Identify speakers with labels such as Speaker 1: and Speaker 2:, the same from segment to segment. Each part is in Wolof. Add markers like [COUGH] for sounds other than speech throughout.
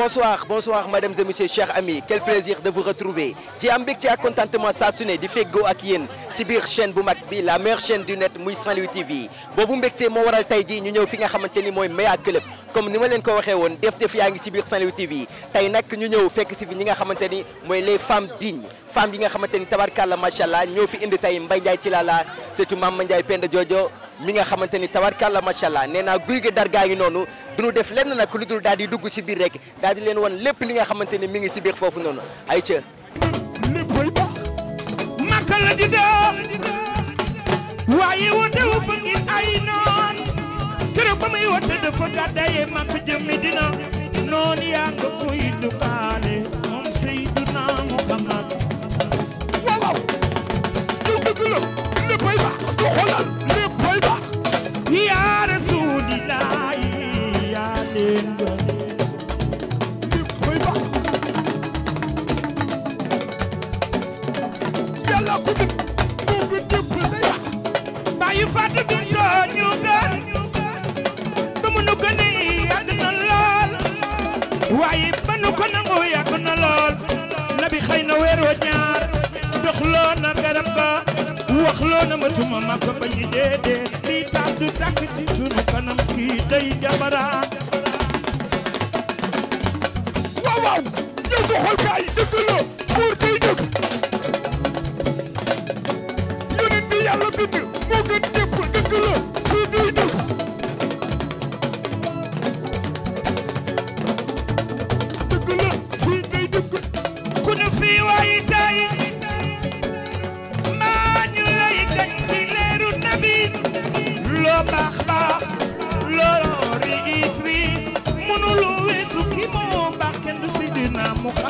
Speaker 1: bonsoir bonsoir mesdames et messieurs chers amis quel plaisir de vous retrouver ci am contentement s'assurer du fait di feggoo ak chaîne bu mag la meilleure chaîne du net Mouy saint TV boobu mbégte moo waral tey jii ñu ñëw fi nga xamante ni mooy Club comme ni ma leen ko waxee woon def def yaa TV tey nag ñu ñëw fekk si fi nga les femmes dignes femmes yi nga xamante ni tabarkàlla macha allah ñoo fi indi tey Mbaye Ndiaye Tilala surtout Mame Ndiaye Jojo mi nga xamante ni tabarkàlla macha allah nee naa guy gi dargaa yi noonu duñu def lenn nag lu dul daal di dugg si biir rek daal di leen wan lépp li nga xamante ni mi ngi si biir foofu noonu ay ca léppay baax màkka la di dee
Speaker 2: waaye wote fa ngir ay noon keroog ba muy wote dafa gàddaye màkka jëm Medina noon yaa nga koy dukaale yaa rasuulillaahi yaa leen yàlla ku di bugg dëpp la ya bàyyi fàtte du ñu gën ba mu nu gën yàgg a lool waaye ba nu ko nangu yàgg na lool nabi xëy na weer wa ñaar doxloo na garab ga wax loo na ma tuma ma déedéet lii tax tàkk ci sunu kanam kii day jabara waaw waaw yow dëgg la buur day dëgg yonent bi yàlla bind moo gën ñëpp dëgg la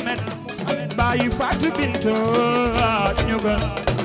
Speaker 2: Amen bàyyi Fatou Bintou ñu gën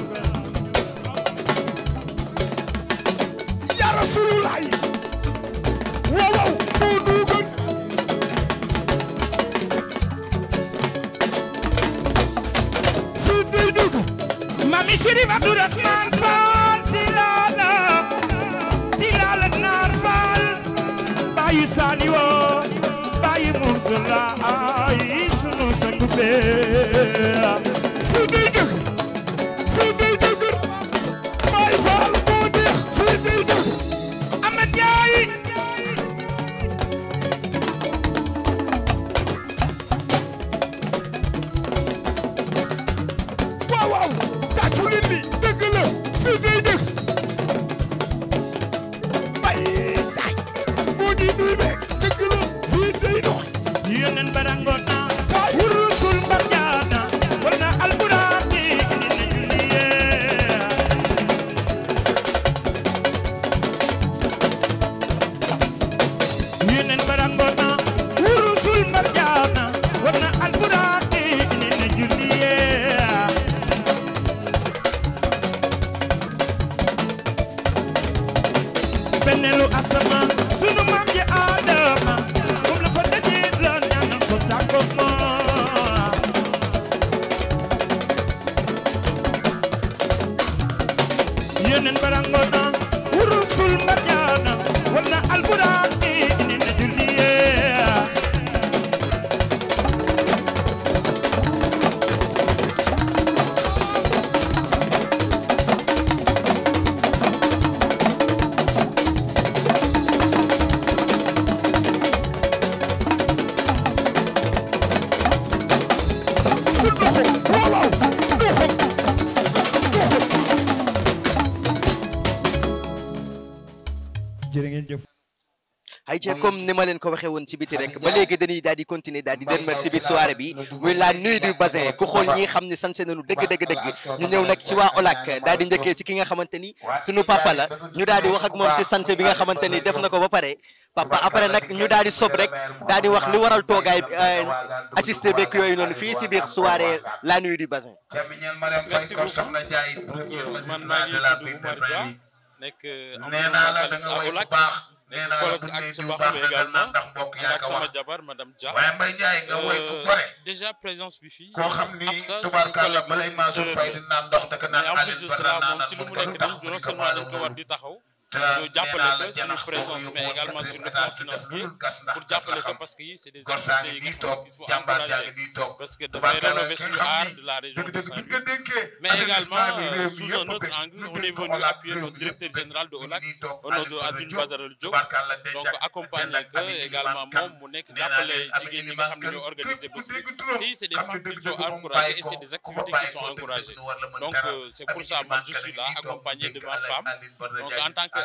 Speaker 1: comme ni ma leen ko waxee woon ci biti rek ba léegi dañuy daal di continuer daal di dem ci biir soirée bi muy la nuit du bazin ku xool ñi xam ni sanse nañu dëgg dëgg ñu ñëw nag ci waa OLAC daal di njëkkee ci ki nga xamante ni suñu papa la ñu daal wax ak moom ci sanse bi nga xamante def na ko ba pare papa après nag ñu daal di sob rek daal di wax li waral toogaay euh, assisté beeg yooyu noonu fii ci biir soirée la nuit du bazin.
Speaker 3: merci beaucoup man maa ngi tudd Omar Dia nee naa la bu ñu nee diw baax na ndax mbokk yaa ko wax waaye Mbaye Ndiaye nga woy ku euh, gore. déjà présence bi fii. koo xam ni tubaarkàlla balay Mansour Faye di naan ndox daka naan Alioune Badara naan naan mën nga ko ndox mën nga ko war di taxaw. ñu euh, jàppale si nous présence mais également sur le plan financier pour jàppale ko parce que c'est des activités qu'il faut encourager parce que dafay rénover suñu art de la région de Saint-Louis
Speaker 4: mais également sous un autre angle on est
Speaker 3: venu appuyer notre directeur général de OLAC honorable Adoune Badara Diop donc accompagner que également moom mu nekk jàppale jigéen ñi nga xam ne ñoo organiser des femmes qui sont encouragées et c' des activités qui sont encouragées donc c'est pour ça que je suis là accompagné de ma femme donc en tant que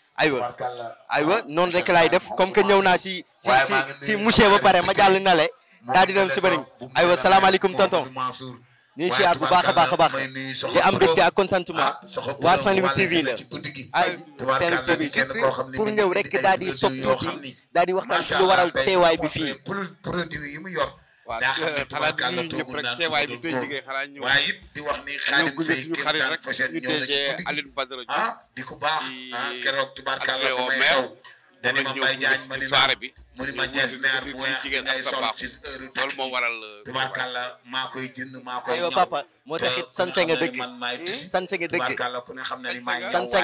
Speaker 1: aywa aywa ah, noonu rek laay def comme que ñëw naa si si si ba pare ma jàll na le daal di dem si bëriñ aywa salaamaaleykum tonton
Speaker 4: ñu si siyaar bu baax a baax
Speaker 1: a baax di am mbégte ak contentement ah, waa Saint-Louis TV la ah Saint-Louis TV juste pour ñëw rek daal di soppi daal di waxtaan si lu waral teewaay bi fii.
Speaker 3: daa xam ne tubaarkàlla toogul naan suñu doon waaye it di
Speaker 4: wax ni xaalim fay kéemtaan Foseen ñëw na ci
Speaker 3: guddi ah
Speaker 4: di ko baax ah keroog tubaarkàlla bu may xew bi ah, ngay
Speaker 3: moo waral euh, tubaarkàlla maa koy jënd maa koy ñëw papa dëgg man
Speaker 1: maay hmm? tusi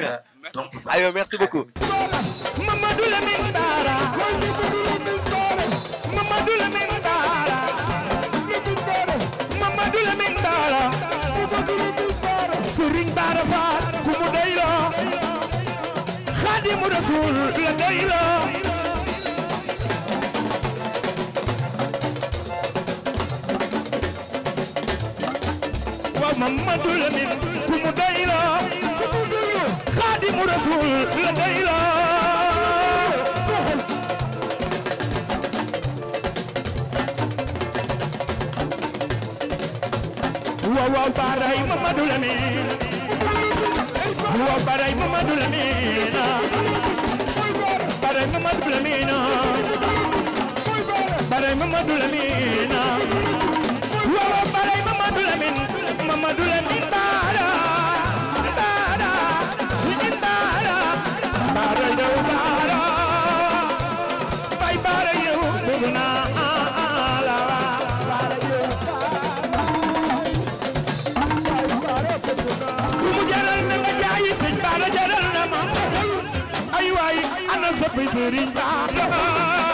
Speaker 1: euh, ayo merci beaucoup
Speaker 2: Arafat ku mu doyloo Xaadimu Rasuul la doyloo waaw Mamadu Lamin ku mu doyloo Xaadimu Rasuul la doyloo waaw waaw baaraay Mamadu Lamin wa baray Mamadou Lamine baray Mamadou Lamine baray Mamadou Lamine wa Seringa.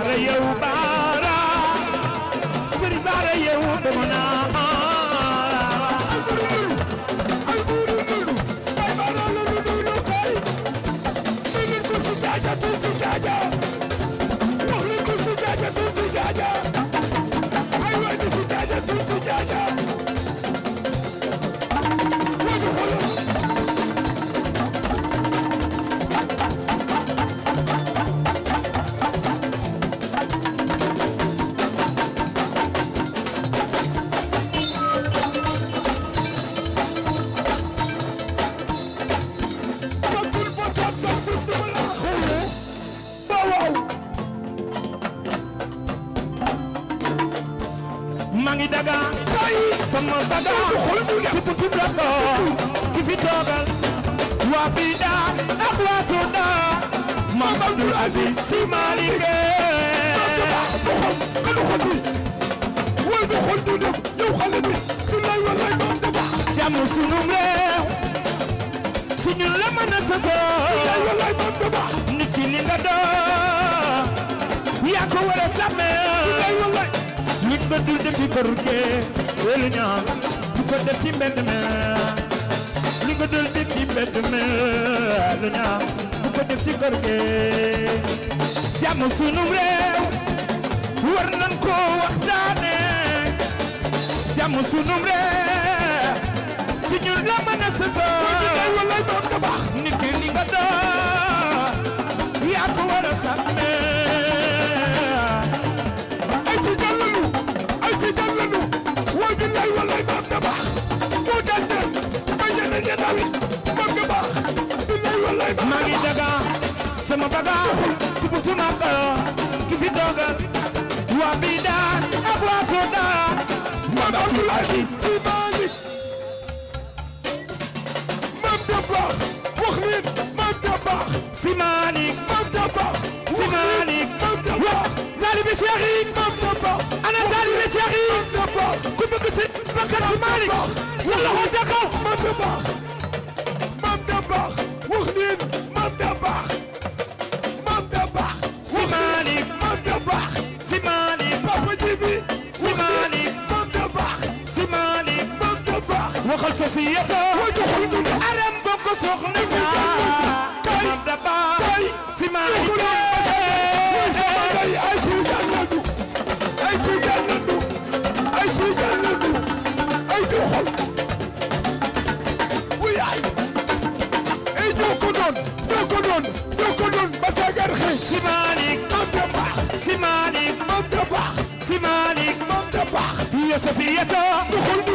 Speaker 2: Areião jàmm sunum réew war nan ko waxtaane jàmm sunum réew ci ñun la mën a sësoo wallay maam nga baax nit ki ni nga doon yaa ko war a sàmme ay ci jàllalu ay ci jàllalu waa billay wallay maam nga baax moo dante ba ñene ñe dawit maam nga baax billay wallay maam nga baax maa ngi daga sama bagage ma baro ki fi toogal waa bi daan ak waa soo daan man Abdoul Aziz Sy Malick man da baax wax leen man da baax Sy Malick man da baax Sy Malick man da baax taalibe Cheikh yi man da ana taalibe Cheikh yi man ku bëgg si bakkan Sy Malik sa loxo ca kaw safiyata aram bokk soxna ñaa mam da baay si maa ay tiijaan la du ay tiijaan la du ay tiijaan la du ay duxul wuy ay ay ñoo ko doon ñoo ko doon ñoo ko doon ba sagar xëy si maalik mam da baax si maalik mam da baax si maalik mam da baax bi safiyata duxul du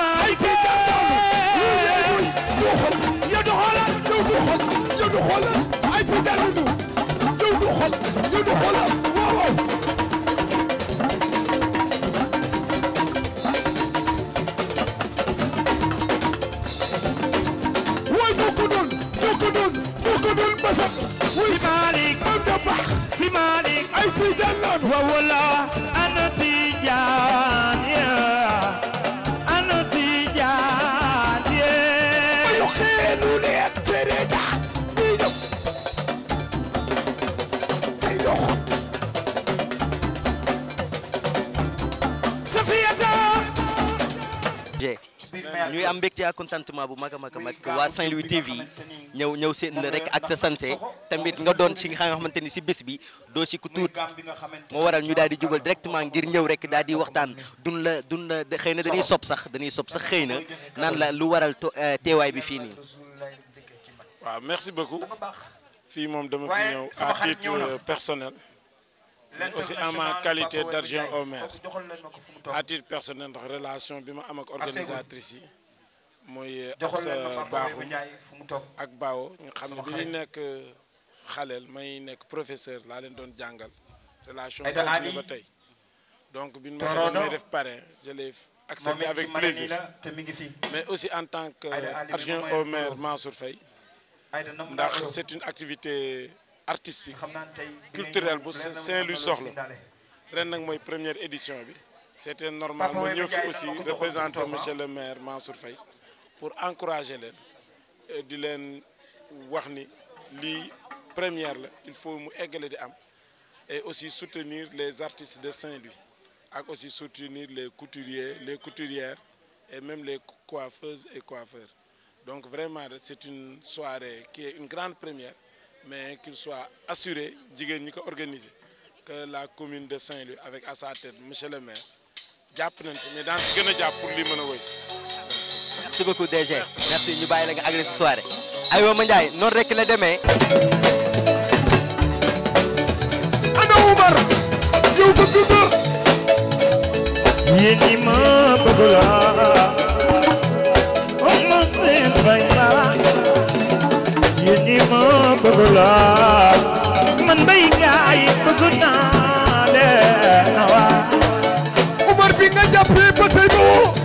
Speaker 2: ay tiijaan daanu lu leen muy duuxal yow du xoolal yow du xool ay tiijaan daanu du xool yow du xoolal
Speaker 1: contentement bu mag a mag wa Saint-Louis TV ñew ñew seen rek ak sa santé tamit nga doon ci nga xamanteni ci si bis bi do ci ku tuut mo waral ñu daal di jubal directement ngir ñew rek daal di waxtaan dun la dun la xëy na dañuy sop sax dañuy sop sax xëy nan la lu waral
Speaker 3: téway euh, bi fii nii. waaw merci beaucoup fi mom dama fi ñew euh, à titre personnel. aussi en ma qualité d'argent au maire à titre personnel ndax relation bima am ak organisatrice yi. Je suis un professeur de la de relation avec donc parrain je l'ai accepté avec plaisir mais aussi en tant qu'argent au maire Mansour Faye c'est une activité artistique culturelle bu Saint-Louis soxla ren C'est première édition C'est normal mais je fi aussi représentant ah? M. le maire Mansour Faye pour encourager les premières, les il faut également et aussi soutenir les artistes de Saint-Louis aussi soutenir les couturiers les couturières et même les coiffeuses et coiffeurs donc vraiment c'est une soirée qui est une grande première mais qu'il soit assuré organisé que la commune de Saint-Louis avec à sa tête monsieur le maire mais mais pour lui,
Speaker 1: merci beaucoup DG merci ñu bàyyi la nga agréé si soirée aywa ma Ndiaye noonu rek la demee. ana Umar yow bëgg nga.
Speaker 2: yéen ñi ma bëgg man bay gaay bëgg naa leen. Umar bi nga jàppee ba tey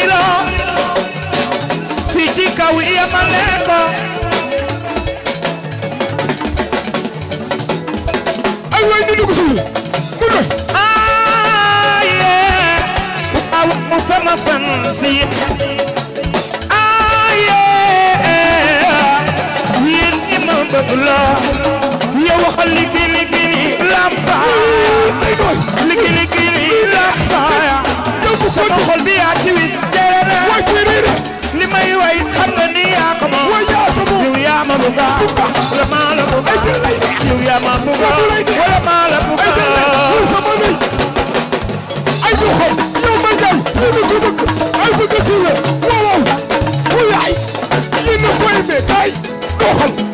Speaker 2: mlilo sijikawia malengo Musama fansi Aye Yil imam babla Ya waxal ligi ligi ni lamsa Ligi ligi ni lamsa Sama xol bi buga wala maa la buga yow yaa ma buga wala maa la buga ay du xool yow ma jaay yow ma ci bëgg ay bëgg ci la waaw waaw wulaay yéen a koy mais kay doo xam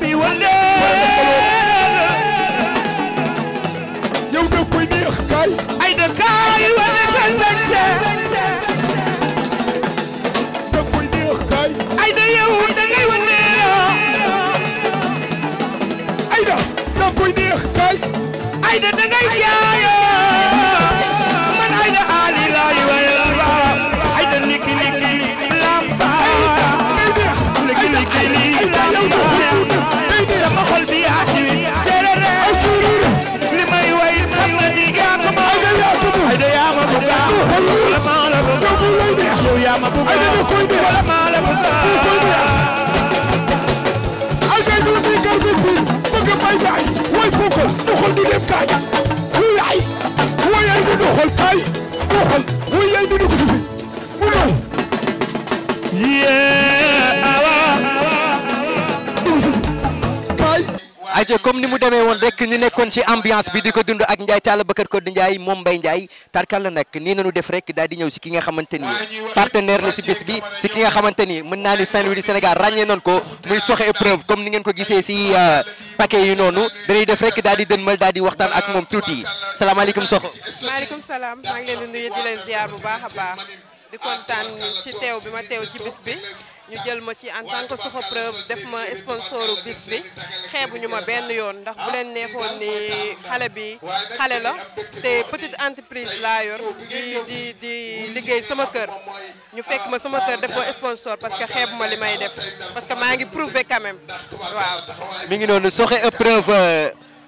Speaker 2: bi wale yow da koy neex kaay ay da kaay kaay wuyaay wuyaay nga doxal kaay doxal
Speaker 1: aja comme ni mu démé won rek ñu nekkon ci ambiance bi diko dund ak Ndiaye Talla Bakar Codé Ndiaye moom Ndiaye tarkal la nag ni nañu def rek daal di ñew ci ki nga xamanteni partenaire la ci bis bi ci ki nga xamanteni mën na ni Saint-Louis du Sénégal ragné non ko muy soxé épreuve comme ni ngeen ko gissé ci paquet yi noonu lay def rek daal di dënmal daal di waxtaan ak moom salam alaykum soxo
Speaker 5: alaykum salam ma ngi leen di nuyu di leen ziar bu baaxa baax di contane ci tew bi ma tew ci bis bi ñu jël ma ci en tant que sofa preuve def ma sponsoru bis bi xeebuñu ma benn yoon ndax bu leen neexoon ni xale bi xale la te petite entreprise laa yor di di di liggéey sama kër ñu fekk ma sama kër def ma sponsor parce que xeebu ma li may def parce que maa ngi prouver quand même waaw
Speaker 1: mi ngi noonu soxe preuve euh,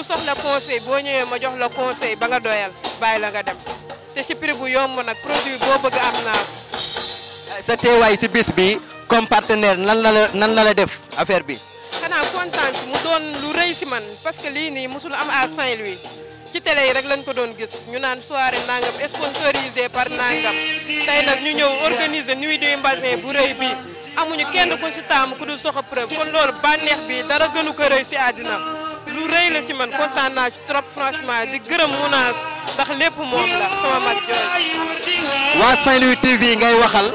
Speaker 5: ku soxla conseil boo ñëwee ma jox la conseil ba nga doyal bàyyi la nga dem te ci prix bu yomb nag produit boo bëgg am naa euh,
Speaker 1: sa teewaay ci bis bi comme partenaire nan la la nan la la def affaire bi.
Speaker 5: xanaa kontaan mu doon lu rëy si man parce lii nii mosul am à saint ci télé yi rek lañ ko doon gis ñu naan soirée nangam sponsorisé par nangam tey nag ñu ñëw organiser nuit de Mbazin bu rëy bi amuñu kenn ku si taamu ku dul soxla preuve kon loolu bànneex bi dara lu rëy la ci man kontaan naa ci trop franchement di gërëm munaas
Speaker 1: ndax lépp moom
Speaker 5: la sama mag jooju. waa
Speaker 1: Saint-Louis TV ngay waxal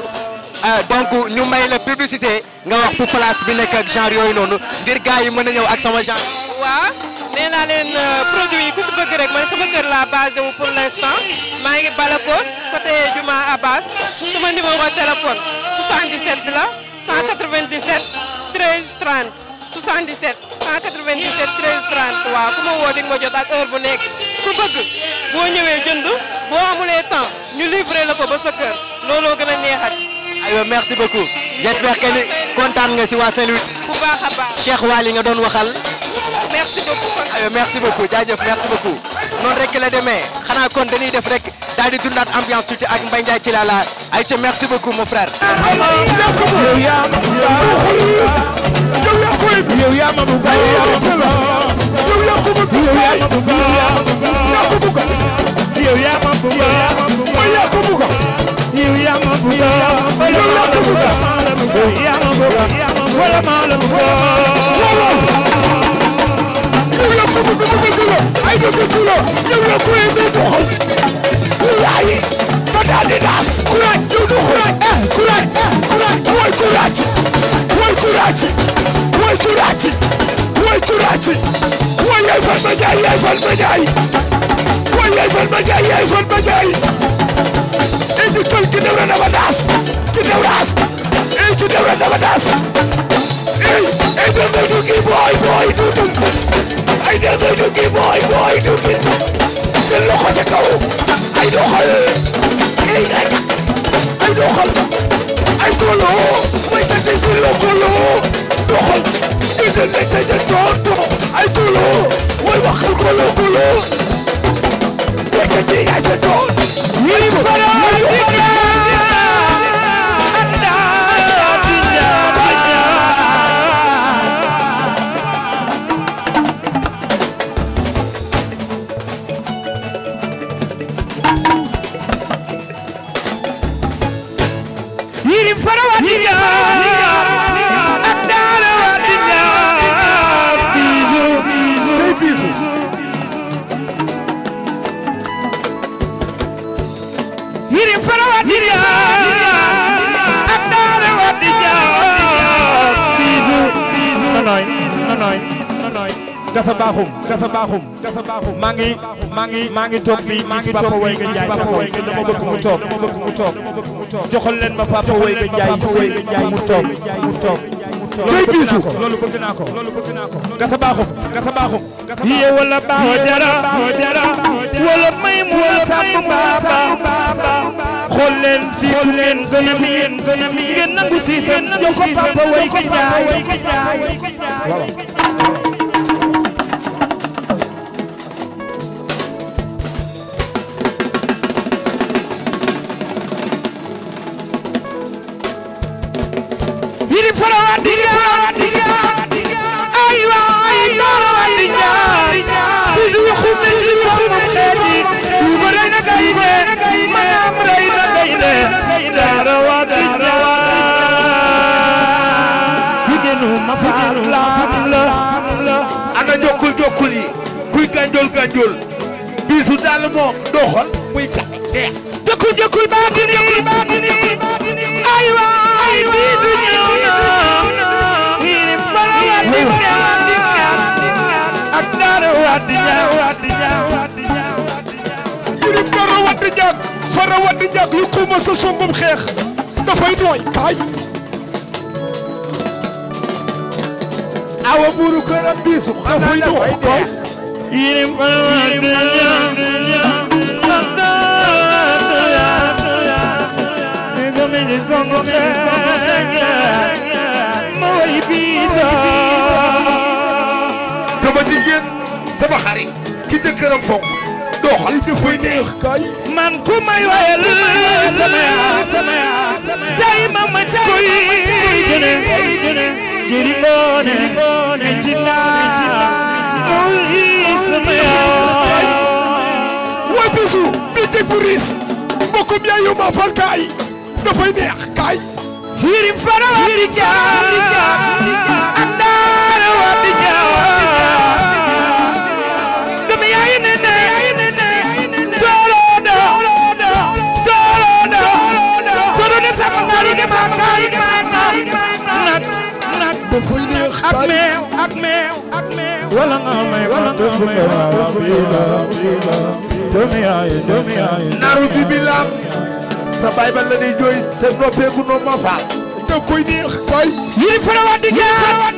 Speaker 1: ah, donc ñu may la publicité nga wax fu place bi nekk ak genre yooyu noonu ngir gars yi mën a ñëw ak sama genre.
Speaker 5: waaw nee leen euh, produit yi ku si bëgg rek man sama kër laa basé wu pour l'instant maa ngi Balakos côté Juma Abbas sama numéro téléphone 77 la 197 13 30. 77 197 13 ku ma woo di nga ak heure bu nekk ku bëgg boo ñëwee jënd boo amulee temps ñu livré la ko ba sa kër looloo gën a neexat
Speaker 1: aywa merci beaucoup j'espère que ni kontaan nga si waa Saint-Louis. bu
Speaker 5: baax nga doon waxal.
Speaker 1: merci beaucoup. aywa merci beaucoup jaajëf merci beaucoup. noonu rek la demee xanaa kon dañuy def rek daal di dundaat ambiance tuuti ak Mbaye Ndiaye ci la la ayca merci beaucoup mon frère.
Speaker 2: yow yaa ma siiw yaa ma bëgg wala maa la bëgg yaa ma bëgg wala maa la bëgg yow yaa ko bëgg mu bëgg la ay bëgg ku la yow yaa ko yëngee du xol wallaahi ba daal di naas courage yow du xol eh courage eh courage way courage way courage way courage way courage way yaay fal ma jaay yaay fal ma jaay way yaay fal ma jaay yaay fal ma jaay Eti kul ki devre na badas. Ki devras. Ey ki devre na badas. Ey ey devre du boy boy du du. Ay devre du boy boy du du. Sen lo ko se kaw. Ay do xol. Ey ay ay do xol. Ay lo kolo. Do xol. Ki de ne te de tonto. Ay kolo. kolo kolo. Dekete ya Kasa Bakhoum Kasa Bakhoum maa ngi maa ngi maa ngi toog fii maa ngi Papa Weyga Ndiaye dama bëgg mu toog dama bëgg mu toog joxal leen ma Papa Weyga Ndiaye sëy mu toog mu toog cey bisu loolu bëgg naa ko loolu bëgg naa ko Kasa Bakhoum Kasa Bakhoum yee wala baawo jara wala may mu sàmm baaba xool leen fii ku leen gën a miin ngeen nangu si seen jox ko Papa Weyga Ndiaye waaw pël yi kuy gànjool gànjool biisu daal moom doxal muy tax neex jëkkul jëkkul baatin jëkkul baatin jëkkul baatin ay waay biisu ñëw na ngir mbala wàddi ñaaw ak daara wàddi ñaaw wàddi ñaaw wàddi ñaaw ngir mbala wàddi ñaaw fara wàddi ñaaw yu kuuma sa songum xeex dafay nooy kaay awa buuru këram biisu dafay dox koy yirim sama jigéen sama xarit ki jëkkëram fonk doxal dafay neex kay man ku may wayal sama yaa sama yaa tey ma ma tey جريبون جنا أوي سميا وبيسو بيتك بوريس بكم يا يوم أفعل كاي دفعي نيخ كاي هيرم فرا هيرم فرا أندار وابدجا meew ak meew ak meew wala bilam sa baay ba la di jooy te noppeeku noo ma faal da koy neex koy yiri fara wa di jaar wa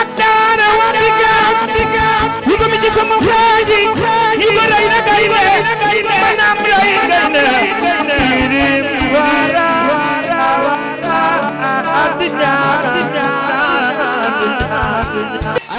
Speaker 2: ak daara wa di jaar yu ko mi ci sama xaasi yu ko rey na gaynde manam rey gaynde yiri fara wa di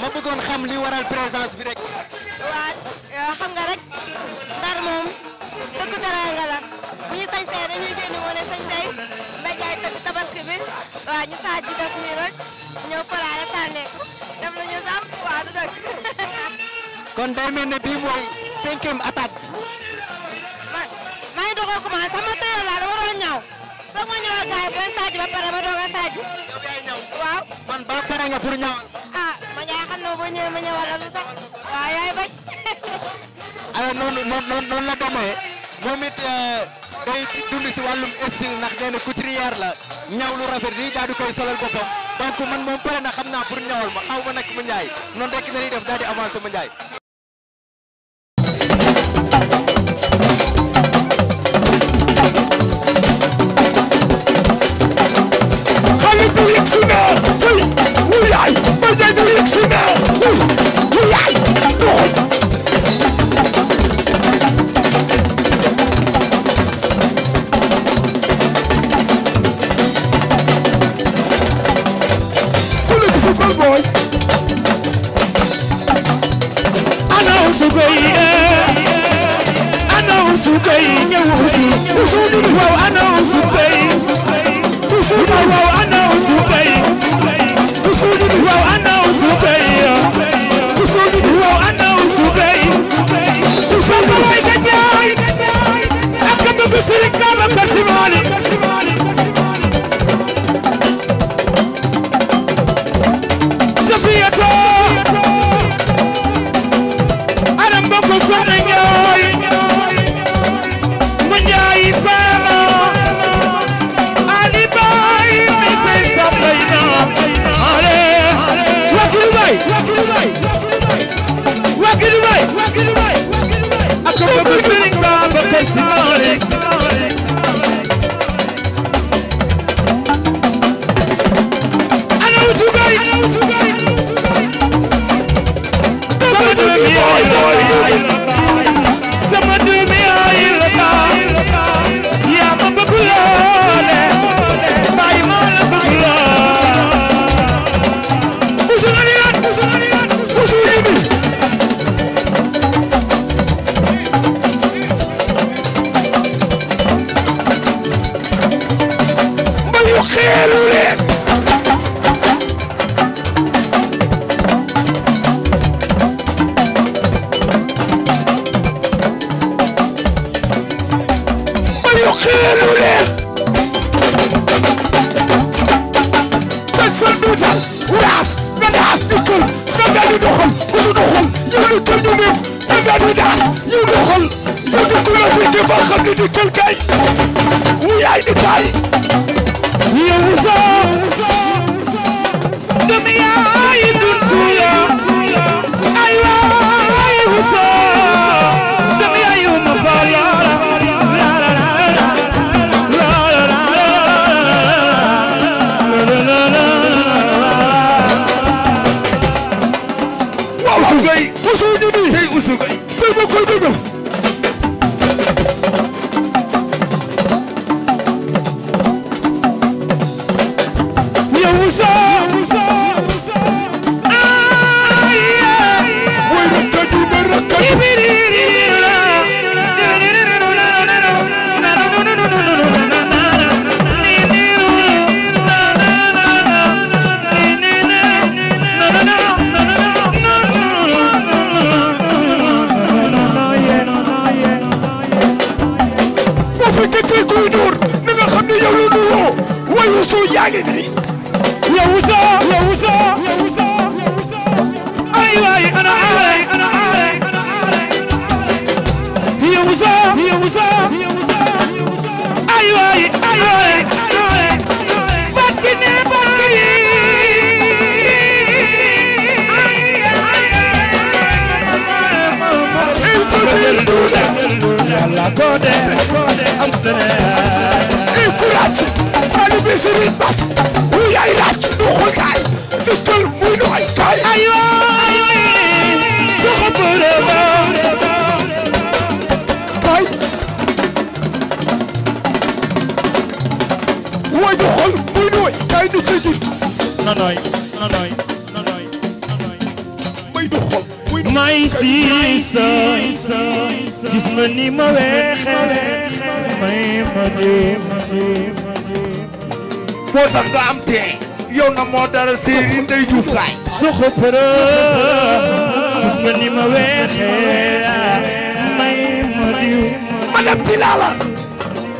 Speaker 1: ma bëggoon xam li waral présence bi rek. waaw xam nga rek
Speaker 5: Ndar moom dëkk teraanga la bu ñu sañsee dañuy génn wane sañsee mbéy jaay tëgg tabaski bi waaw ñu saa ji def nii rek ñëw faraale tànne def lu ñu sax waaw du
Speaker 1: [LAUGHS] kon day mel ne bii mooy cinquième attaque.
Speaker 5: ma maa ngi doog sama tailleur laa dama ñaw foog ma ñëwal gars yi ba ba pare ma doog a saa ji. waaw. kon ba pare nga pour ñaw. non boo ñëwee ma ñëwal ak lu tax waaw yaay bañ.
Speaker 1: [LAUGHS] alors noonu noonu noonu la demee moom it euh, day dund si wàllum style ndax nee na couturière la ñaw lu rafet di daal di koy solal boppam donc man moom pare na xam naa pour ñawal ma xaw ma nag ma Ndiaye noonu rek def daal di avancer ma Ndiaye.
Speaker 2: toode am tere i courage alu bi siri bas wu yaay laaj du xutaay du tël muy nooy kaay aywa soxo bëre ba bay way du xol muy nooy kaay nu ci di na nooy na nooy na nooy may du xol muy nooy may si sa gis nga ni ma weexee may ma dem moo tax nga am tee yow na moo dara séeri ndey juuf kaay soxo përë gis nga ni ma weexee may ma diw madame Tilala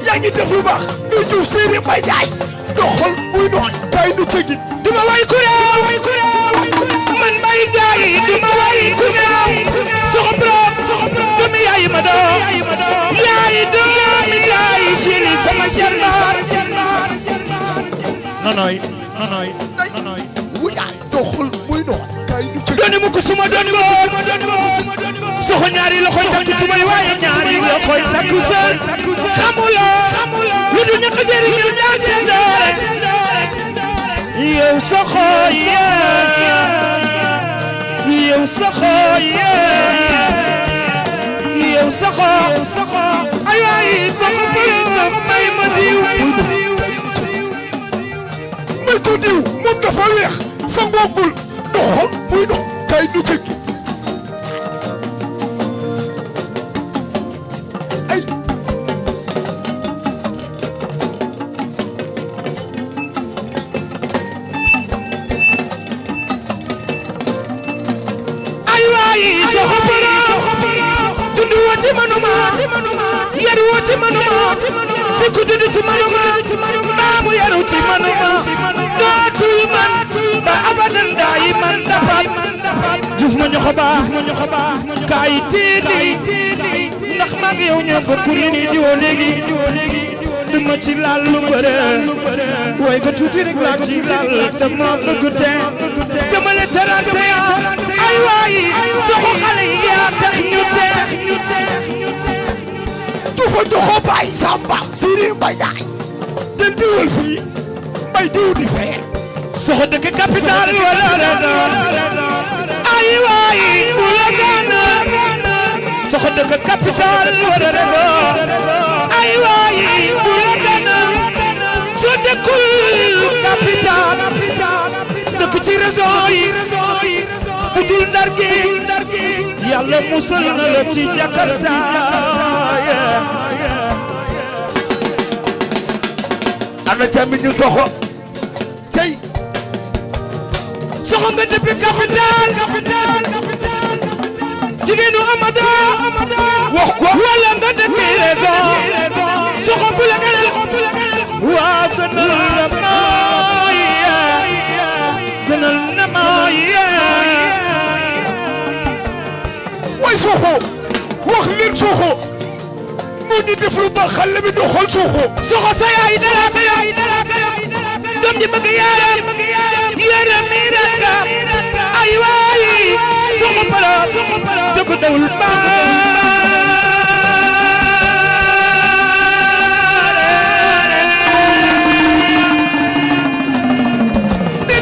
Speaker 2: yaa ngi def lu baax ndey juuf séeri bay jaay doxal buy doon bay nu cëgin duma way kure nooy nooy nooy wuyaay doxul muy no kay ñu ci dooni mu ko suma dooni mo suma dooni mo suma dooni mo soxo ñaari loxoy takku suma waaye ñaari loxoy takku seen xamula lu du ñaka jëri ñu ñaan seen doole yow soxo yee yow soxo yee yow soxo ay waay soxo may ma diw ko diw moom dafa weex sa ngoogul doxal muy dox kay du jéggi ay ay waayi soxo bara dundu woo manuma yar woo ci manuma manuma baamu yaru ci manuma dootul man ba abadan daay man juf ma ñu xobaa juf ma ñu xobaa kaay ndax maa ngi yow ñoo bokk ni diwoo léegi diwoo ci laal lu bëre waaye ko tuuti rek laa ci laal te moo bëgg te jëmale terante ya ay waay soxo xale yi yaa tax ñu te du fa joxo bàyyi samba siri mbañaay te diwal fii bay duudi fee soxode ke wala raison ay waay bu la gana soxode ke capital wala raison ay waay bu la gana so dëkkul capital dëkk ci raison bu dul ndar gi yàlla na la ci jakarta ana camiñu soxo loxo nga depuis capital capital jigéenu Amada Amada wax ko wala nga depuis raison soxo bu la nga soxo bu la nga waa gënal na mooy gënal na mooy way soxo wax leen soxo moo di def lu baax xale bi du xool soxo soxo sa yaay dara sa yaay dara sa yaay dara doom ji bëgg yaayam bëgg yaayam yéene miira nga ay waay suxu pala jëf dawul baare nee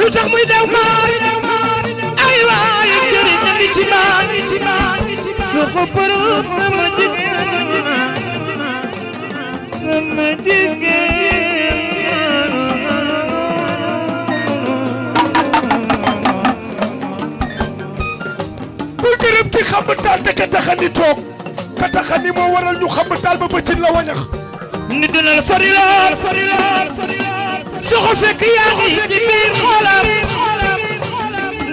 Speaker 2: lu tax muy daw baare xambatal te ka taxa ni toog ka taxa ni moo waral ñu xambatal ba bëccin la wañax nit dina la sori lool sori lool sori lool su ko fekk yaa ngi ci biir xoolam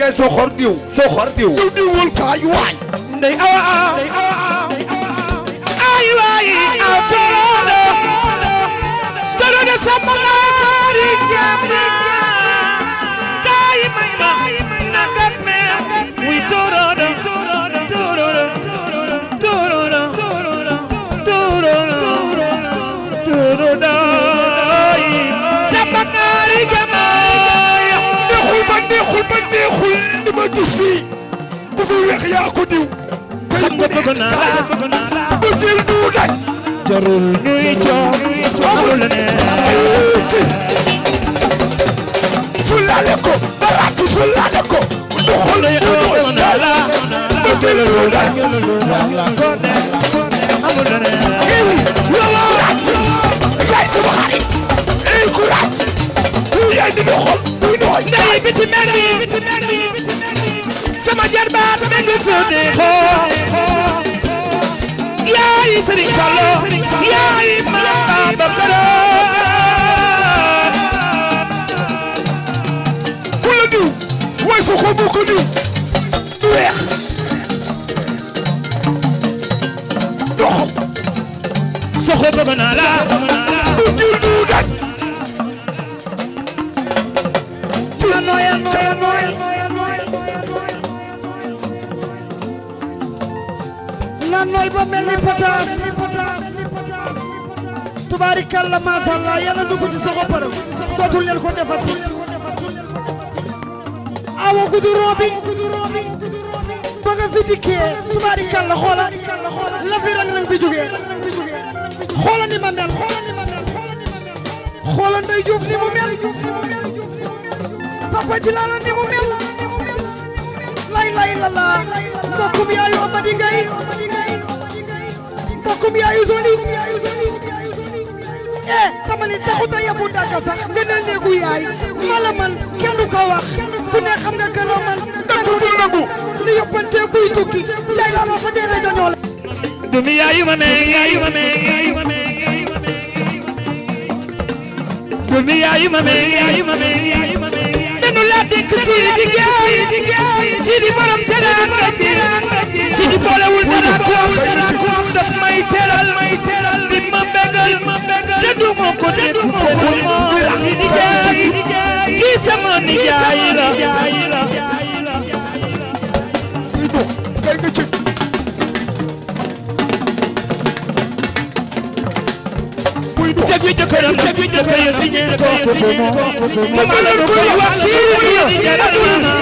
Speaker 2: yaay soo xor diw soo xor diw diw diwul kaay waay ndey awa awa ay waay aw toroode toroode sama laari weex yaa ko diw xam nga bëgg naa la bëgg naa la bëggil du daj jarul ñuy coow amul la ne fulale ko barati fulale ko doxul doxul naa la bëggil du daj amul la ne kuraat yaay sama xarit ee kuraat kuy yaay di doxal kuy doxal ndax yi biti mel nii sama jarbaat ma nga sone xoo yaay Sëriñ Fallu yaay Maam Babakar ku la diw way su xobu ko diw du weex doxo sa xob bëgg naa la bu jul du daj nooy ba mel ni potaas tubaarikàlla macha allah yàlla dugg
Speaker 1: ci sa xopar dootul leen ko defati awa gudu roobi ba fi dikkee tubaarikàlla xoola la fi rang rang bi jugee xoola ni ma mel xoola ndey juuf ni mu mel papa ci laala ni mu mel lay lay la laa mbokkum yaayu amadi ngay
Speaker 2: mbokkum yaayu zone yi eh tamali taxut a yebbu ndànk sax gënal néegu yaay mala man kenn ko wax ku ne xam nga gën a man dëggu du dëggu li yóbbante kuy tukki tey la la fa tey rajo ñoo la duniya yi ma ne yaayu ma ne yaayu ma ne duniya yi ma ne yaayu ma ne yaayu ma ne dëkk Sidi Gaye Sidi borom teraanga ji Sidi boolewul dara koom daf may teral may teral di ma bégal te du ma ko dégg fenn Sidi Gaye kii sama nijaay la koy jëgg ñu koy signé kooku bu mu ma leen koy wax si aduna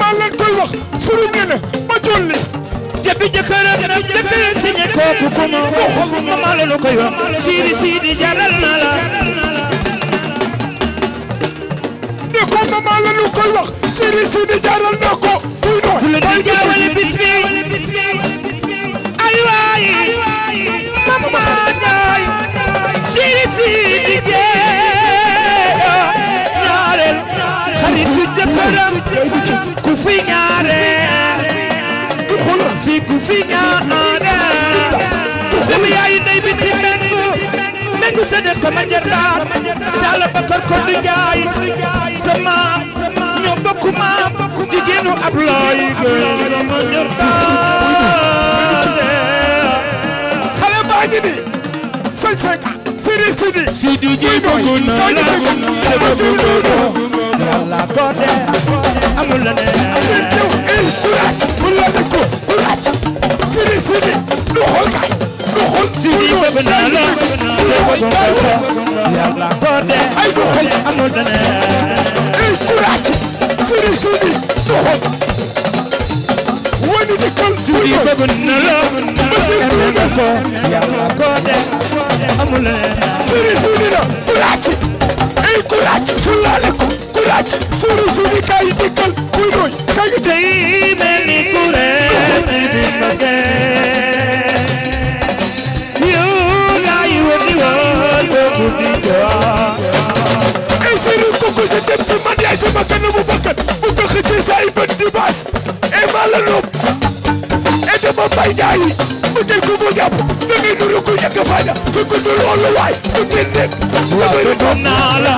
Speaker 2: ma leen koy wax suru ngeen ma jolli jëgg jëkkëra jëkkëra signé kooku bu mu ma ma leen koy wax siri sidi jaral na la ne ko ma ma leen koy wax siri sidi jaral na ko buy doon buy doon sama njëndaar jàll ba kër ko di jaay sama ñoo bokk maam jigéenu ab looy sama njëndaar xale baa ngi nii sëñ Seka. Sidi Sidi. ji bëgg na la bëgg na la bëgg na la. yàlla ko amul la dee. Sidi il duraat mu la dëkk duraat. Sidi Sidi lu xool kaay lu Sidi bëgg na la bëgg ay du xool amul la dee. il duraat. Sidi Sidi lu xool. guddi bëgg na loo mën na ko yàlla ko def amul suri suri la kuraaj ay kuraaj fulaale ko kuraaj suri suri kay dikkal kuy doy kay tey mel ni kuréel di magee ko sa dem si man yaay sama kanamu bakkan bu ko xëccee sa ay bët di baas e maa la nopp bay daay bu dee ko mu jàpp da ngay nuru ko ñàkk fayda fekk du loolu waay bu dee nekk damay rek naa la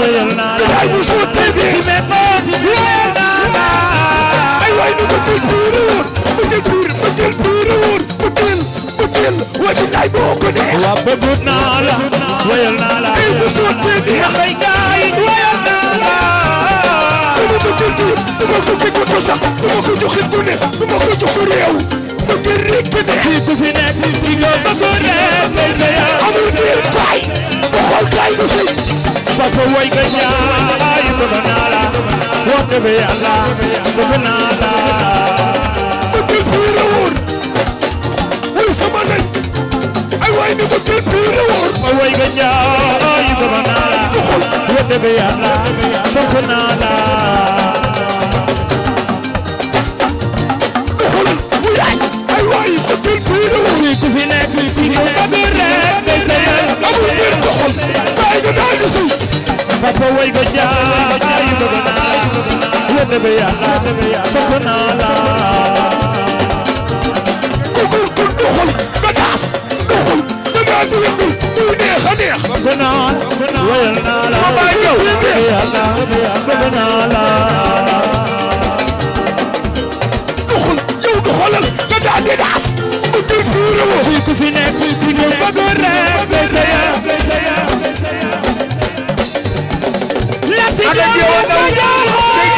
Speaker 2: wéyal naa la daay bu soo tebe ci me ko ci wéyal naa la ay waay nu ma jël buur wóor ma jël buur ma jël buur wóor ma jël ma jël waay bi laay boo ko dee waa bëgg naa la wéyal naa la ay bu soo tebe xay gaay wéyal naa la sama ma jël buur ma ko ko ko sax ma ko joxe ku ne ma ko jox réew fii ku fi nekk di nga bëgg rek ngay seeyal. amul biir kay waxal kay du si. papa way nga ñaay bëgg naa la wax dëgg yàlla bëgg naa la. bëgg biir la woon way sama nañ ay way ni bëgg biir la woon. papa way nga ñaay bëgg naa la wax dëgg yàlla bëgg naa la. papa way nga jaay bëgg naa la debe yàlla sopp naa la ku gur gur duxul ba daas duxul ba daa di yëngu du neex a neex bëgg naa wayal naa la baay a debe yàlla bëgg a la duxul yow duxulal ba daa di daas fi ku fi nekk ku ñëw ba ko remplacé ya la ti jëwal ba jëwal ma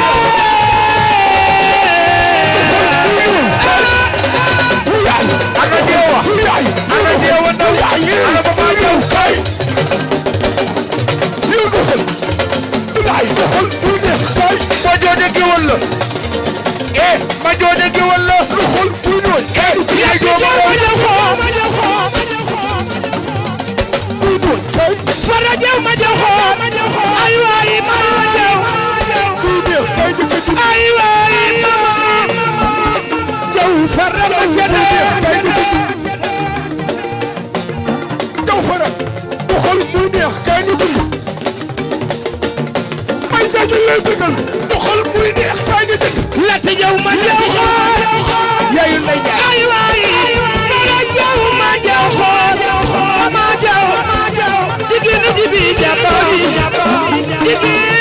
Speaker 2: jooja géwël la eh ma jooja géwël Give me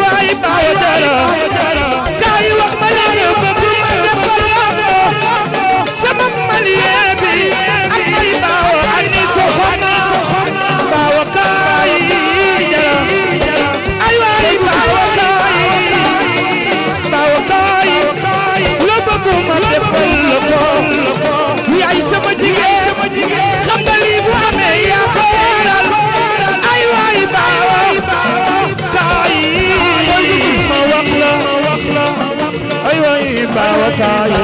Speaker 2: वाई पाए तेरा Kaya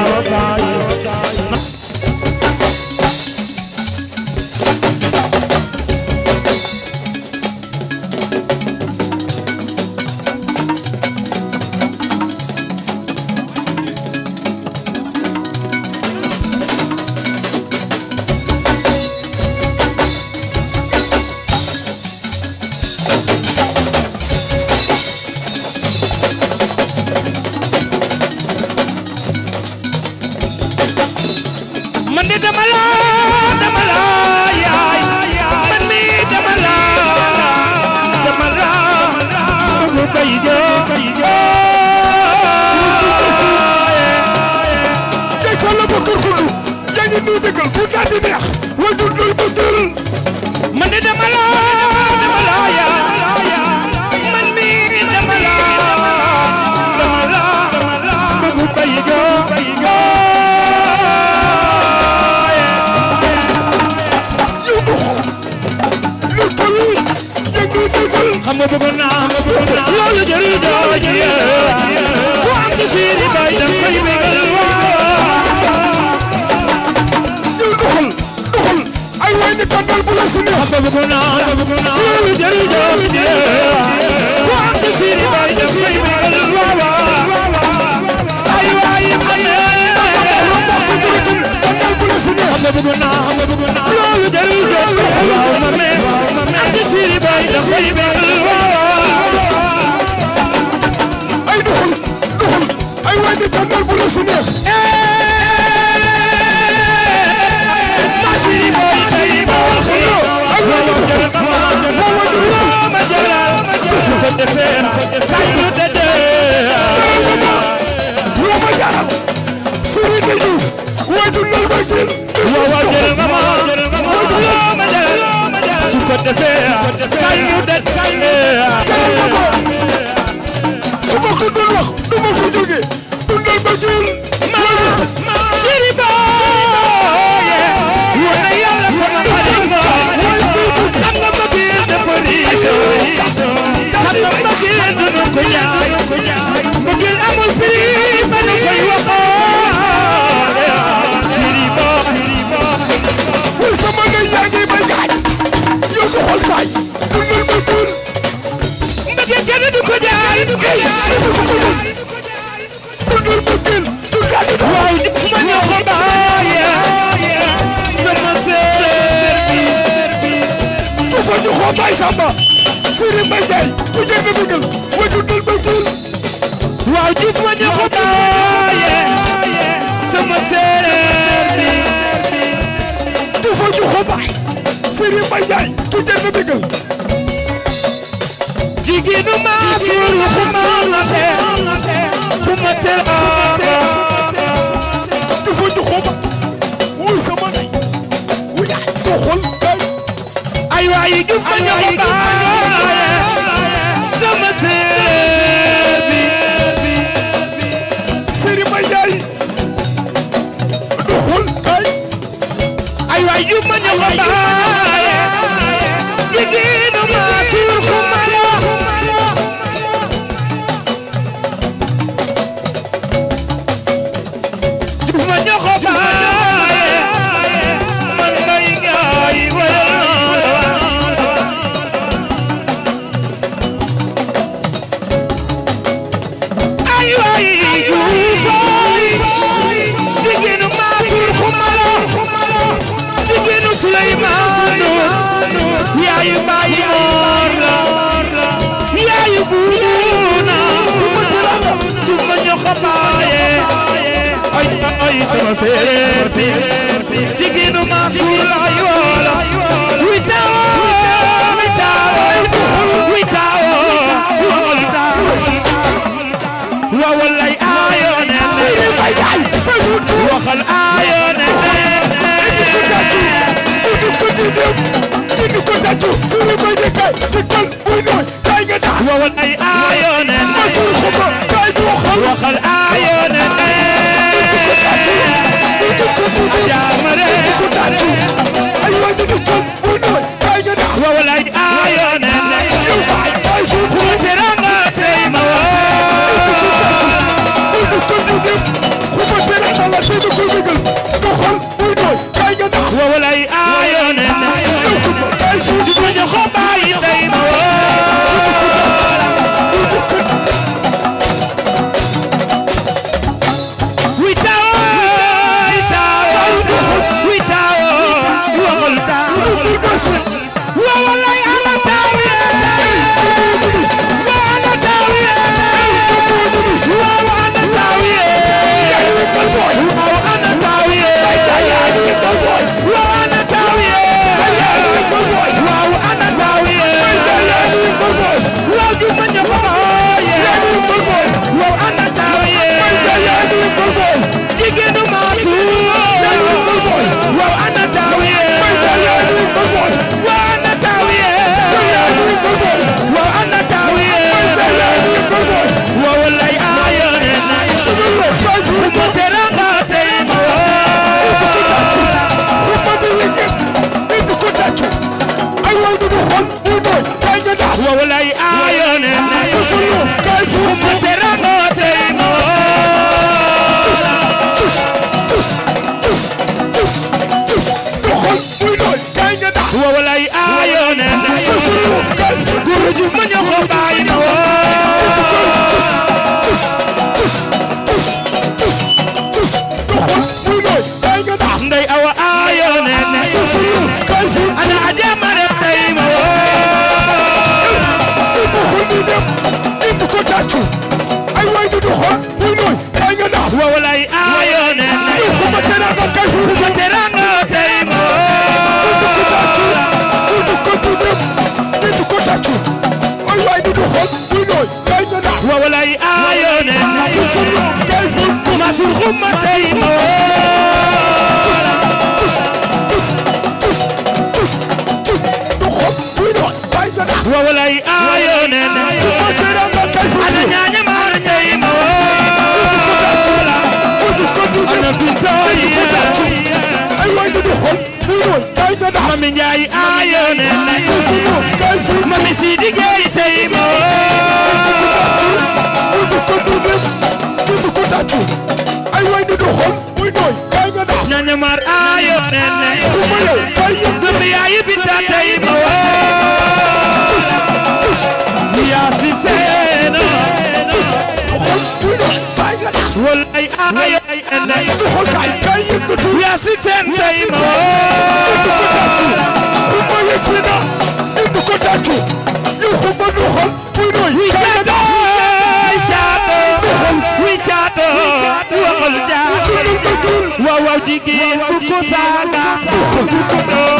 Speaker 2: ko saaga ko doo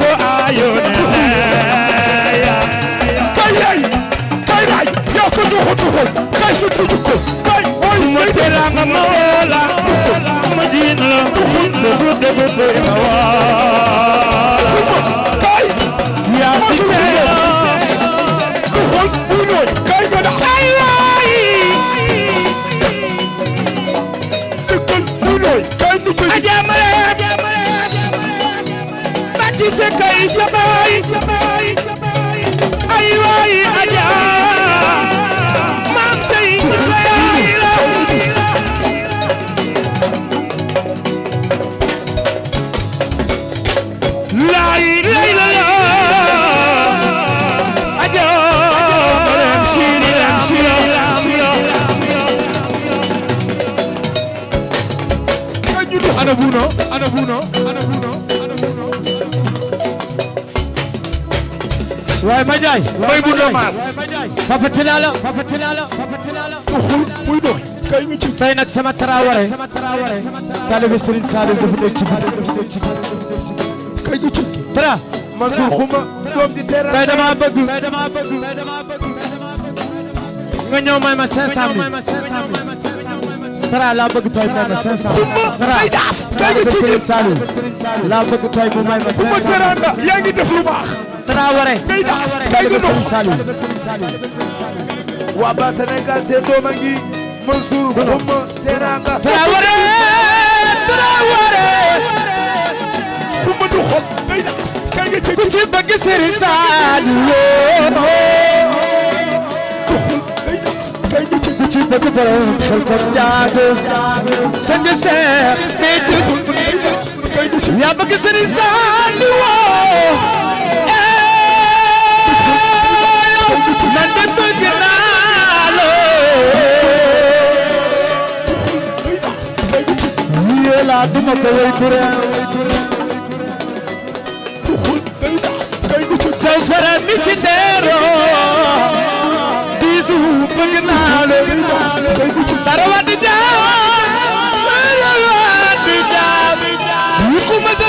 Speaker 2: ko ayo ne ya bay lay bay lay yaa ko joxo tuxu bay su tuxu ko bay woy ma teranga ma wala ma diin la tuxu dëgg dëgg ma wala ana Buuno ana Buuno ana Buuno ana Buuno. waaye ma jaay. waaye ma jaay waaye ma jaay. Papa Tilla la Papa Tilla la Papa Tilla la. xul muy dox. kay ñu ci tey nag sama taraware. sama taraware. taalibe Serigne Saliou dafa nekk ci biir. kay ñu ci. Tara. Mansour Xuma. doom di teral tey damaa bëgg. tey damaa bëgg. nga ñëw may ma 500000. tara laa bëgg tey may ma 500. tara tara daas day
Speaker 1: nga dox. waa ba
Speaker 2: Sénégal a ngi Mansour Xuma teraanga. Traoré Traoré. su ma du xol day daas. kay nga ku ci bëgg Serigne Saliou. bëgg borom xel kon jaago sëñ Seex mais ci du yaa bëgg sëñ Saaliw woo eh man de bëgg naa la yee laa duma ko way kureel taw sara mi ci deeroo naa la day bu ci dara waat jaam la waat jaam yu ko ma sa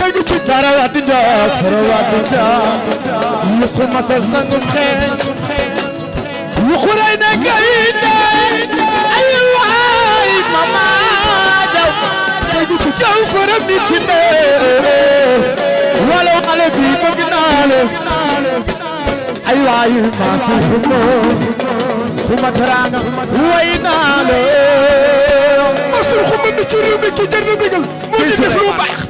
Speaker 2: kay du ci dara waat yuxu masa sangum xeer yuxu rey na kayita ay waay mama jaw jaw faram ni ci mere wala xale bi bëgg naa la ay waay ma si fumo fuma taranga way naa la masul xuma mi ci réew mi ki jar na bégal mu di def lu baax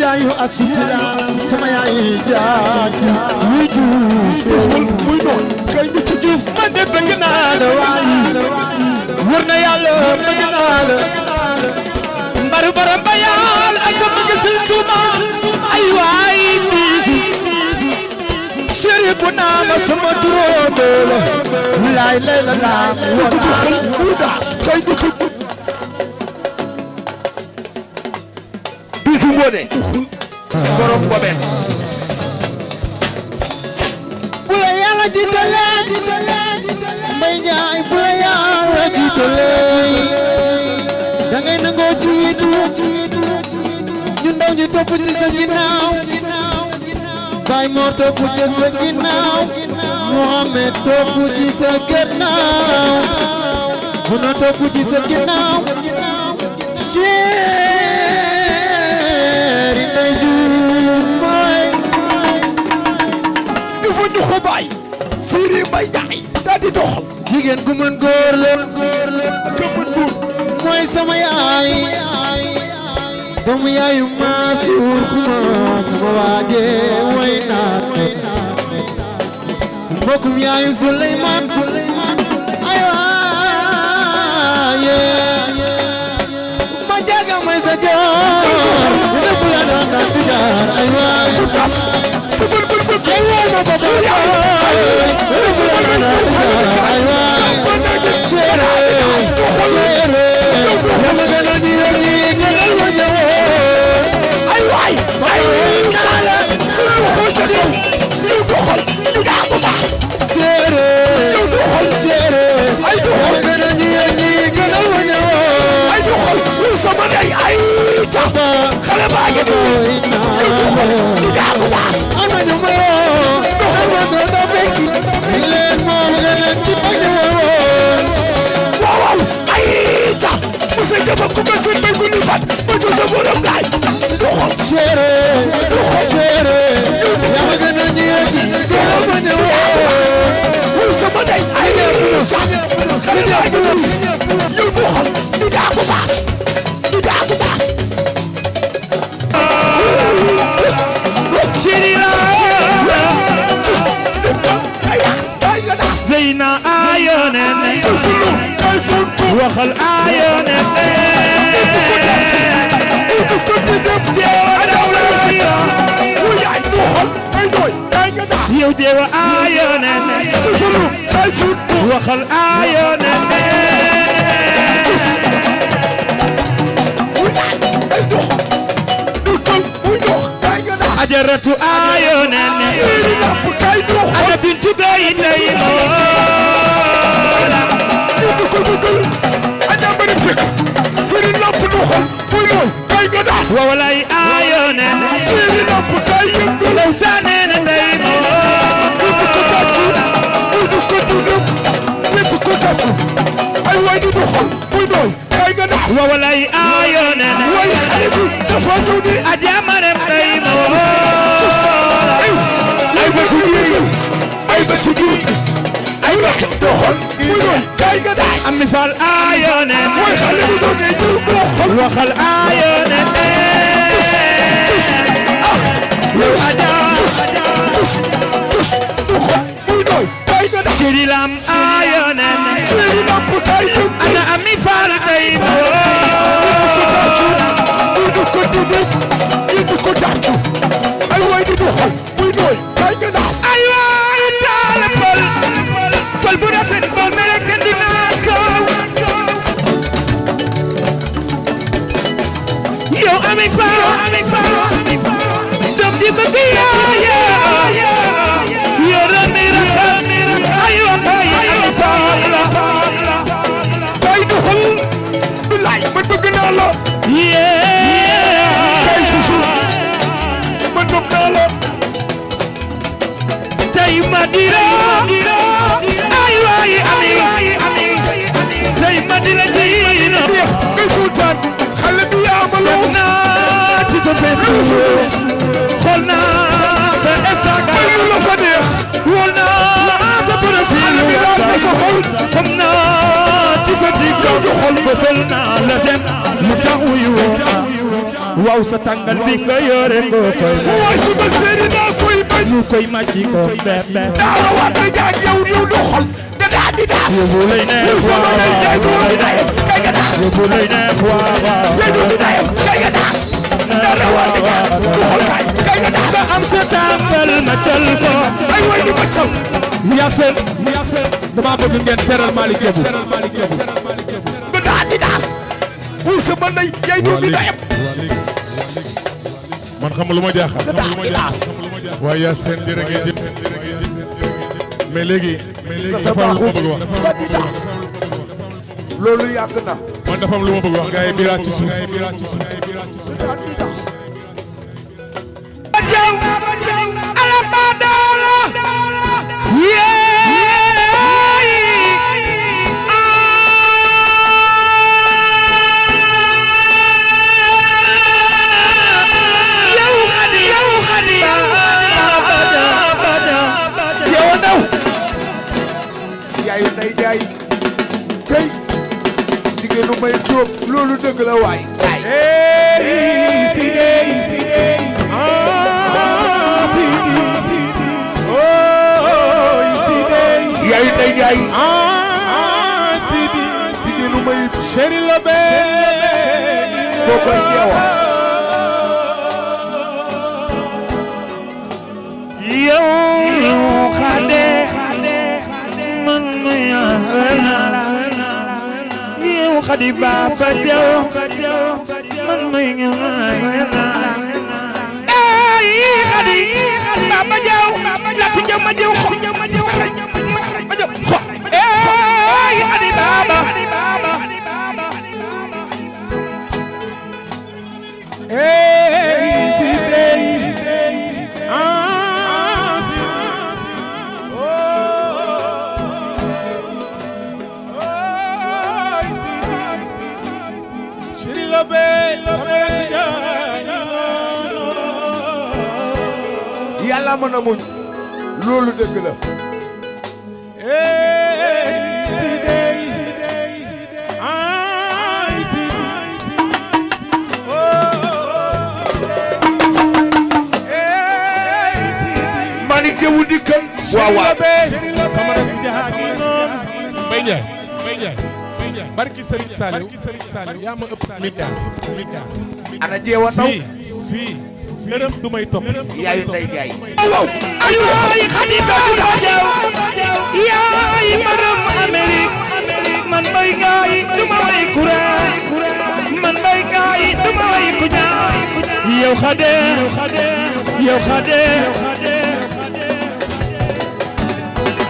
Speaker 2: yaayu asila sama yaayu jaati muy juuf muy doon kay bu ci juuf man de bëgg naa la waayi wër na yàlla bëgg naa la mbaru borom ba yàlla ak bëgg si tuuma ay waay biisu sëriñ bu naa ma sama turoo la laay lay la laa war naa la kay bu ci Ngóone borom Ngobeen. bu la yàlla jiitalee may ñaay bu la yàlla jiitalee da ngay nangoo jiitu ñu ndaw ñi topp ci sa ginnaaw Baay Mor topp ci sa ginnaaw Mohamed topp ci sa ginnaaw Muna topp ci Siri Mbaye Ndiaye daal di doxal. jigéen ku mën góor la. mooy sama yaay. doomu yaayu maa si wóor ku ma sama waaje way naa. mbokkum yaayu Souleymane. Souleymane aywa. ma jaga mooy sa joor. Senhor, Senhor, Senhor, وخل اعين كنت دبتي انا ولا ويعد وخل اندوي يا ودي اعين سلسلو وخل اعين حجرة عيون أنا بنت قايد waxoon buy mooy day godaas wa walaay aayoo ne siiri nopp day yëngu law saane na day moo wétu ko tàccu wétu ko dundum wétu ko tàccu ay way di du xol buy mooy day godaas wa walaay aayoo ne way xale bi dafa tuuti ajaamarem day moo ay bëti juuti ay bëti juuti doxoon muy doy day nga daas am misaal ayoone waxal ayoone koy màcc ko bébé daaw la war a jaaj yow yow doo xol da daa di daas yóbbu lay ne sama lay jaay du di dayam kay nga daas yóbbu lay ne waaba jaay du di dayam kay nga daas da la war a jaaj du xol kay kay nga daas ba am sa tàmbal ma cal ko ay way di ma cal yaasel yaasel dama bëgg ngeen teral Malick Diabou teral Malick Diabou da daa di daas wuy sama lay jaay du di dayam
Speaker 3: man xam lu ma jaaxal
Speaker 2: xam lu ma jaaxal waaye yaa seen jërë ngeen jëf mais léegi dafa am lu ma bëgg wax loolu yàgg na man dafa am lu ma bëgg wax gars yi biraat ci suuf loolu dëgg la waay. yaay Ndeye Ndiaye. Sidi. Sidi lu may. chéri la bee. kooku ak
Speaker 5: di ba ba deo
Speaker 2: man may ngay
Speaker 1: mën a muñ loolu dëgg la
Speaker 2: mani tewu dikkal waaw waaw
Speaker 3: sama rek jaagi noon Mbaye Ndiaye Mbaye Ndiaye barki Serigne Saliou yaa ma ëpp milliard ana jeewa taw fii gërëm du may topp yaayu ndey
Speaker 1: jaay waaw ay xadi doomu daajaw yaay maram
Speaker 2: Amérique man bay gaay du ma way kura man bay gaay du ma way ku ñaay yow xade yow xade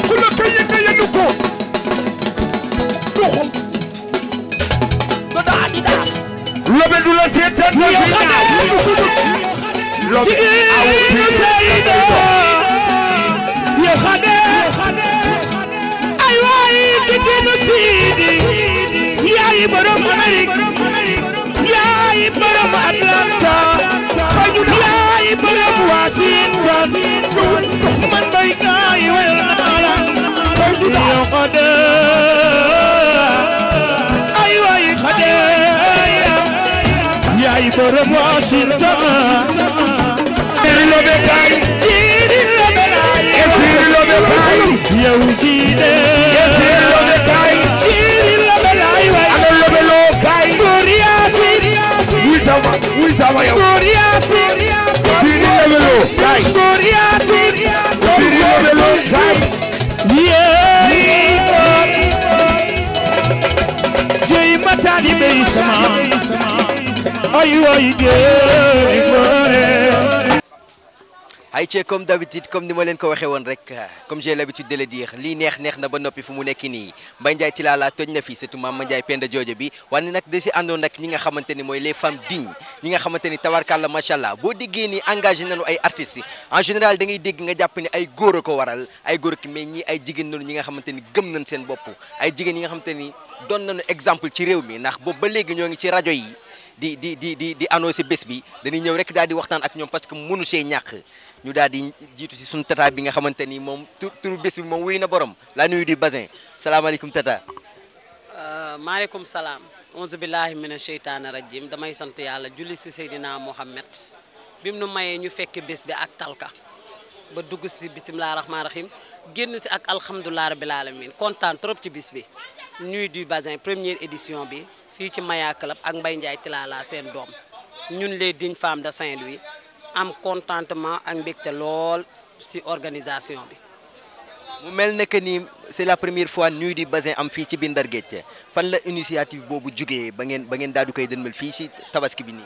Speaker 2: ku la ko yëg yëg ko duxu ko daa di daas lobe du la seetaan yow xade jigéenu Seydina yow xade ay waay jigéenu Sidi yaay borom Amérique yaay borom Atlanta yaay borom Washington man bay kaay wel naa la xade ay waay xade yaay borom Washington yow si de. yéen lobe kaay. ci lobe laay waay. ana lobe loo kaay. góor yaa si. wuy sama wuy sama yow. góor yaa si. ci loo kaay. góor yaa si. ci lobe loo kaay. yéen. jëy mataani bay sama.
Speaker 1: ay waay jëy gore. ci comme d'habitude comme ni ma len ko waxee won rek comme j'ai l'habitude de le dire li neex neex na ba nopi fu mu nekk nii Mbaye Ndiaye ci la togn na fi surtout Mama ndjay Penda jojo bi wani nak de ci ando nak ñi nga xamanteni moy les femmes dignes ñi nga xamanteni tawarkal tawarkàlla macha allah ni engagé nañu ay artistes en général da ngay dégg nga japp ni ay goor ko waral ay goor ki meñ ni ay jigen nañu ñi nga xamanteni gëm nañ seen bop ay jigen yi nga xamanteni don nañu exemple ci rew mi nak bo ba légui ñoo ci radio yi di di di di di bes bi dañuy ñew rek daal di waxtaan ak ñom parce que mënu ñak ñu daal di jiitu si suñu tata bi nga xamante ni moom tur turu bés bi moom wuy na borom la nuyu di basin salaamaaleykum tata
Speaker 4: euh, maaleykum salaam onze billahi mina sheytaani rajim damay sant yàlla julli si seydina mohammed bim nu mayee ñu fekk bés bi ak talka ba dugg si bisimilah rahmaani rahim génn si ak alhamdulilah rabil alamin kontaan trop ci bis bi nuit du basin première édition bi fii ci Maya Club ak mbay Ndiaye Tilala seen doom ñun les de Saint-Louis am contentement avec mbégte lool ci organisation bi.
Speaker 1: mu melne que ni c'est la première fois nuit du Bazin am fi ci bindar Ndar fan la initiative bobu jugee ba ngeen ba ngeen daal di koy dënmal fi ci tabaski bi ni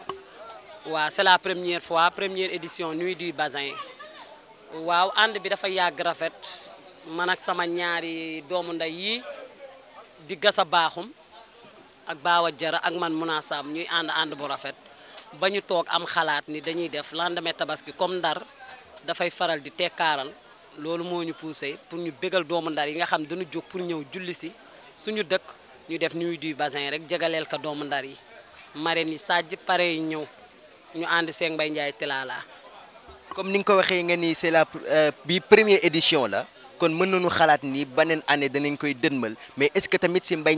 Speaker 4: wa c'est la première fois première édition nuit du Bazin waaw and bi dafa yag rafet man ak sama ñaari doomu nday yi di gassa baxum ak baawa jara ak man munasam ñuy and and bu rafet ba tok am xalaat ni dañuy def lendemain tabaski comme ndar dafay faral di tekkaaral loolu moo ñu poussé pour ñu bégal doomu ndar yi nga xam dañu jóg pour ñëw julli si suñu dëkk ñu def nuyu du basin rek jagaleel ko doomu ndar yi marraine yi sàjj pare yi ñëw ñu ànd seeg mbay njaay tilaala
Speaker 1: comme ni nga ko nga ni c'est la euh, bi première édition la kon mën halat xalaat ni banen année danañ koy dënmal mais est-ce que tamit mbay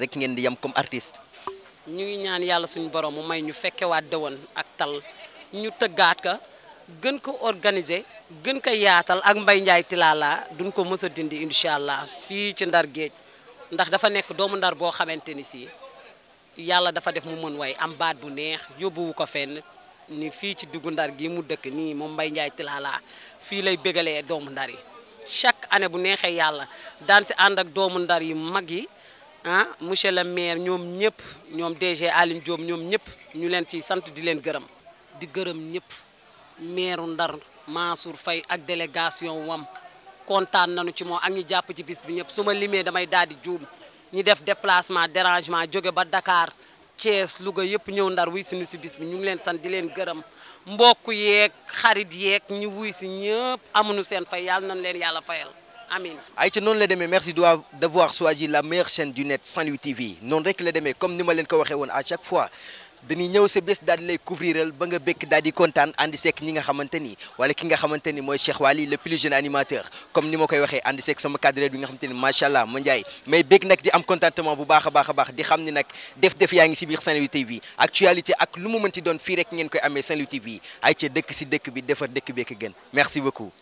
Speaker 1: rek ngeen di yam comme artiste
Speaker 4: ñu ngi ñaan yàlla suñu borom mu may ñu fekkewaat dëwan ak tal ñu tëggaat ka gën ko organiser gën ko yaatal ak Mbaye Ndiaye Tilala duñ ko mës a dindi incha allah fii ci ndar géej ndax dafa nekk doomu ndar boo xamante ni sii yàlla dafa def mu mën way am baat bu neex yóbbuwu ko fenn ni fii ci diggu ndar gi mu dëkk nii moom mbay Ndiaye Tilala fii lay bégalee doomu ndar yi chaque année bu neexee yàlla daan si ànd ak doomu ndar yi mag yi ah monsieur le maire ñoom ñëpp ñoom DG Aline Diop ñoom ñëpp ñu leen ci sant di leen gërëm di gërëm ñëpp maire Ndar Mansour fay ak délégation wam kontaan nañu ci moom ak ñu jàpp ci bis bi ñëpp su ma limee damay daal di juum ñu def déplacement dérangement jóge ba dakaar Thiès Louga yëpp ñëw Ndar wuy si ñu si bis bi ñu ngi leen sant di leen gërëm mbokk yeeg xarit yeeg ñu wuy si ñëpp amuñu seen fay yàlla nañ leen yàlla fayal amiin
Speaker 1: ayca noonu la demee merci devoir choisi la meilleure chaîne du net Saint-Louis TV noonu rek la demee comme ni ma leen ko waxee woon à chaque fois dañuy ñëw sa bés daal di lay couvriral ba nga békk daal di kontaan ànd seek ñi nga xamante ni wala ki nga xamante ni mooy Cheikh Waly le plus jeune animateur comme ni ma koy waxee ànd seek sama cadre bi nga xamante ni macha allah ma mais békk nag di am contentement bu baax a baax a baax di xam ni nag def-def yaa ngi si biir TV actualité ak lu mu mënti doon fii rek ngeen koy amee Saint-Louis TV ay ca dëkk si dëkk bi defar dëkk beek gën merci beaucoup.